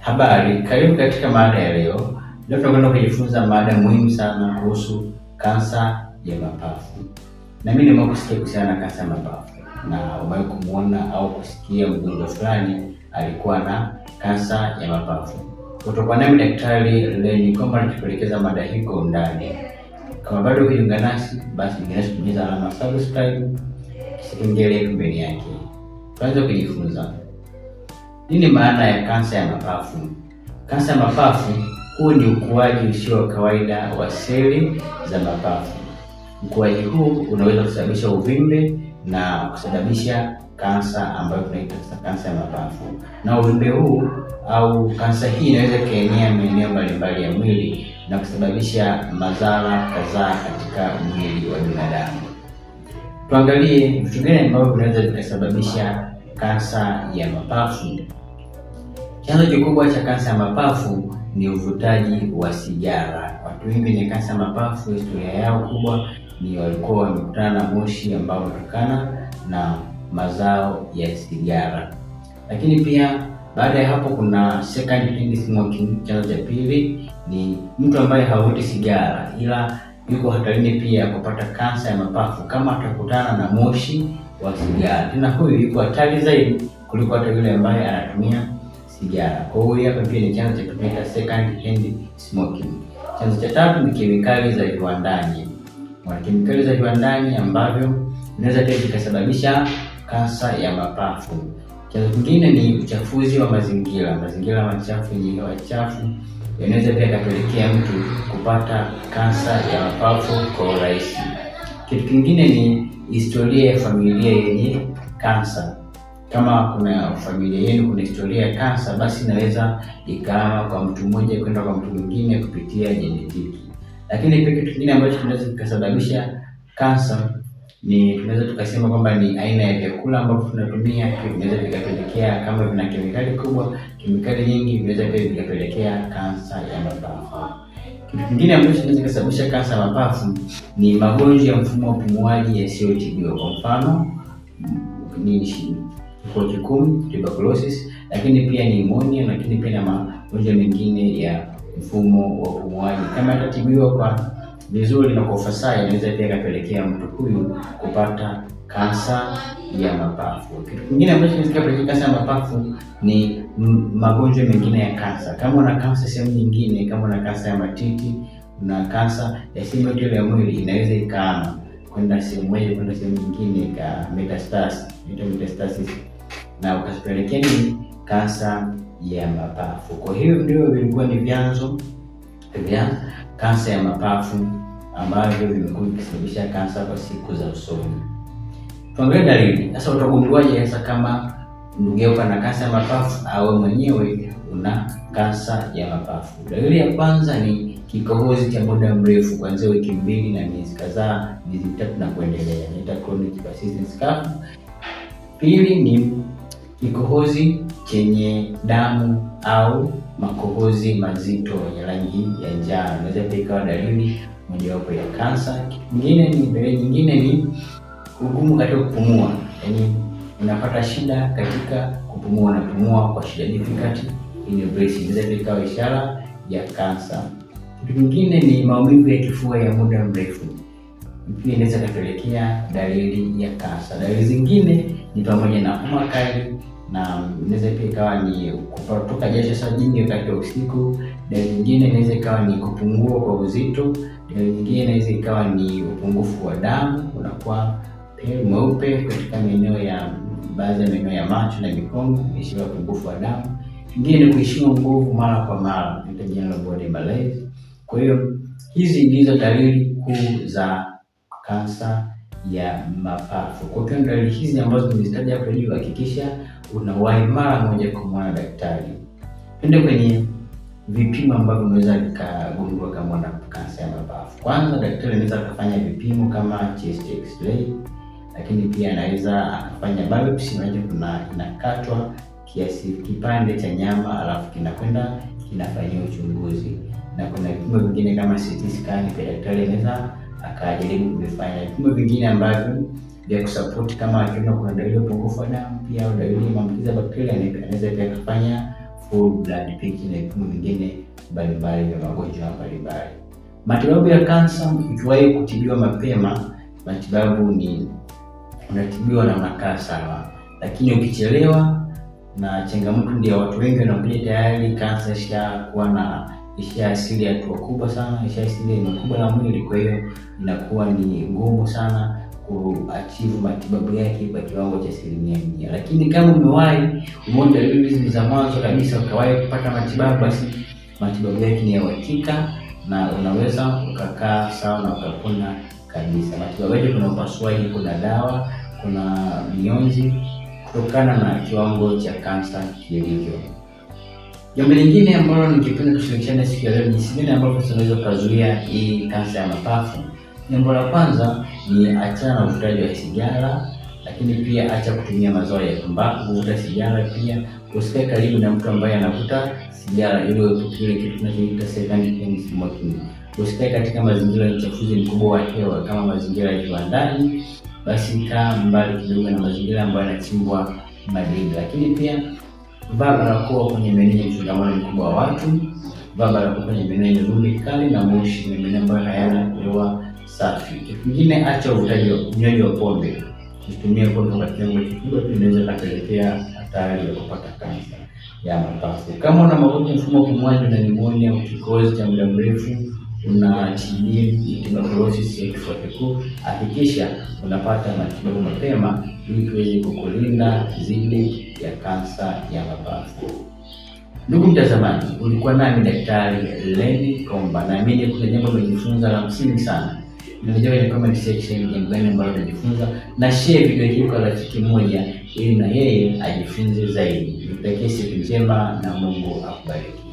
Habari, karibu katika mada ya leo. Leo tunakwenda kujifunza mada muhimu sana kuhusu kansa ya mapafu. Na mimi nimewahi kusikia kuhusiana na kansa ya mapafu, na umewahi kumwona au kusikia mgonjwa fulani alikuwa na kansa ya mapafu. Utakuwa nami Daktari Lenny Komba nikipelekeza mada hii kwa undani. Kama bado hujiunga nasi, basi endelea kubonyeza alama subscribe, kengele pembeni yake. Tuanze kujifunza. Nini maana ya kansa ya mapafu? Kansa ya mapafu, huu ni ukuaji usio wa kawaida wa seli za mapafu. Ukuaji huu unaweza kusababisha uvimbe na kusababisha kansa ambayo tunaita kansa ya mapafu. Na uvimbe huu au kansa hii inaweza ikaenea maeneo mbalimbali ya mwili na kusababisha madhara kadhaa katika mwili wa binadamu. Tuangalie vitu gani ambavyo vinaweza vikasababisha kansa ya mapafu. Chanzo kikubwa cha kansa ya mapafu ni uvutaji wa sigara. Watu wengi ni kansa ya mapafu, historia yao kubwa ni walikuwa wamekutana na moshi ambao unatokana na mazao ya sigara. Lakini pia baada ya hapo kuna secondary smoking. Chanzo cha pili ni mtu ambaye havuti sigara, ila yuko hatarini pia kupata kansa ya mapafu kama atakutana na moshi wa sigara. Tena huyu yuko hatari zaidi kuliko hata yule ambaye anatumia sigara. Kwa hiyo hapa pia ni chanzo cha kutumika second hand smoking. Chanzo cha tatu ni kemikali za viwandani. Kuna kemikali za viwandani ambavyo inaweza pia zikasababisha kansa ya mapafu. Chanzo kingine ni uchafuzi wa mazingira. Mazingira machafu yenye hewa chafu yanaweza pia kapelekea mtu kupata kansa ya mapafu kwa urahisi. Kitu kingine ni historia ya familia yenye kansa kama kuna familia yenu kuna historia ya kansa, basi inaweza ikawa kwa mtu mmoja kwenda kwa mtu mwingine kupitia jenetiki. Lakini pia kitu kingine ambacho kinaweza kikasababisha kansa ni tunaweza tukasema kwamba ni aina ya vyakula ambavyo tunatumia vinaweza vikapelekea, kama vina kemikali kubwa, kemikali nyingi, vinaweza pia vikapelekea kansa ya mapafu. Kitu kingine ambacho kinaweza kikasababisha kansa ya mapafu ni magonjwa ya mfumo wa upumuaji yasiyotibiwa, kwa mfano ni kifua kikuu tuberculosis, lakini pia pneumonia, lakini pia na magonjwa mengine ya mfumo wa upumuaji. Kama atatibiwa kwa vizuri na kwa ufasaha, inaweza pia kapelekea mtu huyu kupata kansa ya mapafu. Kitu kingine ambacho kinaweza kupelekea kansa ya mapafu ni magonjwa mengine ya kansa. Kama una kansa sehemu nyingine, kama una kansa ya matiti, na kansa ya sehemu yote ya mwili, inaweza ikaama kwenda sehemu moja kwenda sehemu nyingine, ika metastasis, metastasis na ukazipelekea nini kansa ya mapafu. Kwa hiyo ndio vilikuwa ni vyanzo vya kansa ya mapafu ambavyo vimekuwa vikisababisha kansa kwa siku za usoni. Tuangalie dalili sasa. Utagunduaje sasa kama ndugu yako ana kansa ya mapafu au mwenyewe una kansa ya mapafu? Dalili ya kwanza ni kikohozi cha muda mrefu kuanzia wiki mbili na miezi kadhaa, miezi mitatu na kuendelea, inaitwa chronic persistent cough. Pili ni Kikohozi chenye damu au makohozi mazito yenye rangi ya njano inaweza pia ikawa dalili mojawapo ya kansa. Nyingine ni dalili nyingine ni ugumu katika kupumua, yaani unapata shida katika kupumua, unapumua kwa shida, difficulty in your breathing, inaweza pia ikawa ishara ya kansa. Kitu kingine ni maumivu ya kifua ya muda mrefu, pia inaweza ikapelekea dalili ya kansa. Dalili zingine ni pamoja na homa kali na inaweza pia ikawa ni kutoka jasho saa jingi wakati wa usiku. Dalili nyingine inaweza ikawa ni kupungua kwa uzito. Dalili nyingine inaweza ikawa ni upungufu wa damu, unakuwa pale mweupe katika maeneo ya baadhi ya maeneo ya macho na mikono inaashiria upungufu wa damu. Nyingine ni kuishiwa nguvu mara kwa mara, general body malaise. Kwa hiyo hizi ndizo dalili kuu za kansa ya mapafu. Kwa hiyo dalili hizi ambazo nimezitaja hapo juu, hakikisha unawahi mara moja kumwona daktari. Twende kwenye vipimo ambavyo unaweza vikagundua kama una kansa ya mapafu. Kwanza daktari anaweza akafanya vipimo kama chest x-ray, lakini pia anaweza akafanya biopsy, maana kuna inakatwa kiasi kipande cha nyama alafu kinakwenda kinafanyia uchunguzi, na kuna vipimo vingine kama CT scan, pia daktari anaweza akajaribu kuvifanya vipimo vingine ambavyo vya kusapoti kama akiona kuna dalili ya upungufu wa damu pia au dalili ya maambukizi ya bakteria, anaweza pia kufanya full blood picking na vipimo vingine mbalimbali vya magonjwa mbalimbali. Matibabu ya kansa, ikiwahi kutibiwa mapema, matibabu ni unatibiwa na unakaa sawa, lakini ukichelewa, na changamoto ndio watu wengi wanakuja tayari kansa ishakuwa na ishaasili hatua kubwa sana, ishaasili eneo kubwa la mwili, kwa hiyo inakuwa ni ngumu sana kuachivu matibabu yake kwa kiwango cha asilimia mia. Lakini kama umewahi umeona dalili hizi za mwanzo kabisa, ukawahi kupata matibabu, basi matibabu yake ni ya uhakika na unaweza ukakaa sawa na ukapona kabisa. Matibabu yake kuna upasuaji, kuna dawa, kuna mionzi kutokana na kiwango cha kansa kilivyo. Jambo lingine ambalo ningependa kushirikiana siku ya leo ni jinsi gani ambavyo tunaweza kuzuia hii kansa ya mapafu. Jambo la kwanza ni achana na uvutaji wa sigara, lakini pia acha kutumia mazao ya tumbaku, kuvuta sigara, pia usikae karibu na mtu ambaye anavuta sigara ili uepuke kile kitu tunachoita secondhand smoking. Usikae katika mazingira ya uchafuzi mkubwa wa hewa kama mazingira ya viwandani, basi kaa mbali kidogo na mazingira ambayo yanachimbwa madini, lakini pia vaa barakoa kwenye maeneo yenye msongamano mkubwa wa watu, vaa barakoa kwenye maeneo yenye vumbi kali na moshi, na maeneo ambayo hayana hewa safi. Kitu kingine, acha uvutaji wa unywaji wa pombe. Kutumia pombe kwa kiwango kikubwa inaweza kapelekea hatari ya kupata kansa ya mapafu. Kama una magonjwa mfumo wa pumuaji na nimonia, ukikohozi cha muda mrefu, una TB tuberculosis ya kifua kikuu, hakikisha unapata matibabu mapema ili tuweze kukulinda dhidi ya kansa ya mapafu. Ndugu mtazamaji, ulikuwa nami Daktari Lenny Komba. Naamini kuna jambo umejifunza la msingi sana Nilijua kwenye comment section jambo gani ambalo unajifunza, na share video hii kwa rafiki mmoja, ili na yeye ajifunze zaidi. Nikutakia siku njema na Mungu akubariki.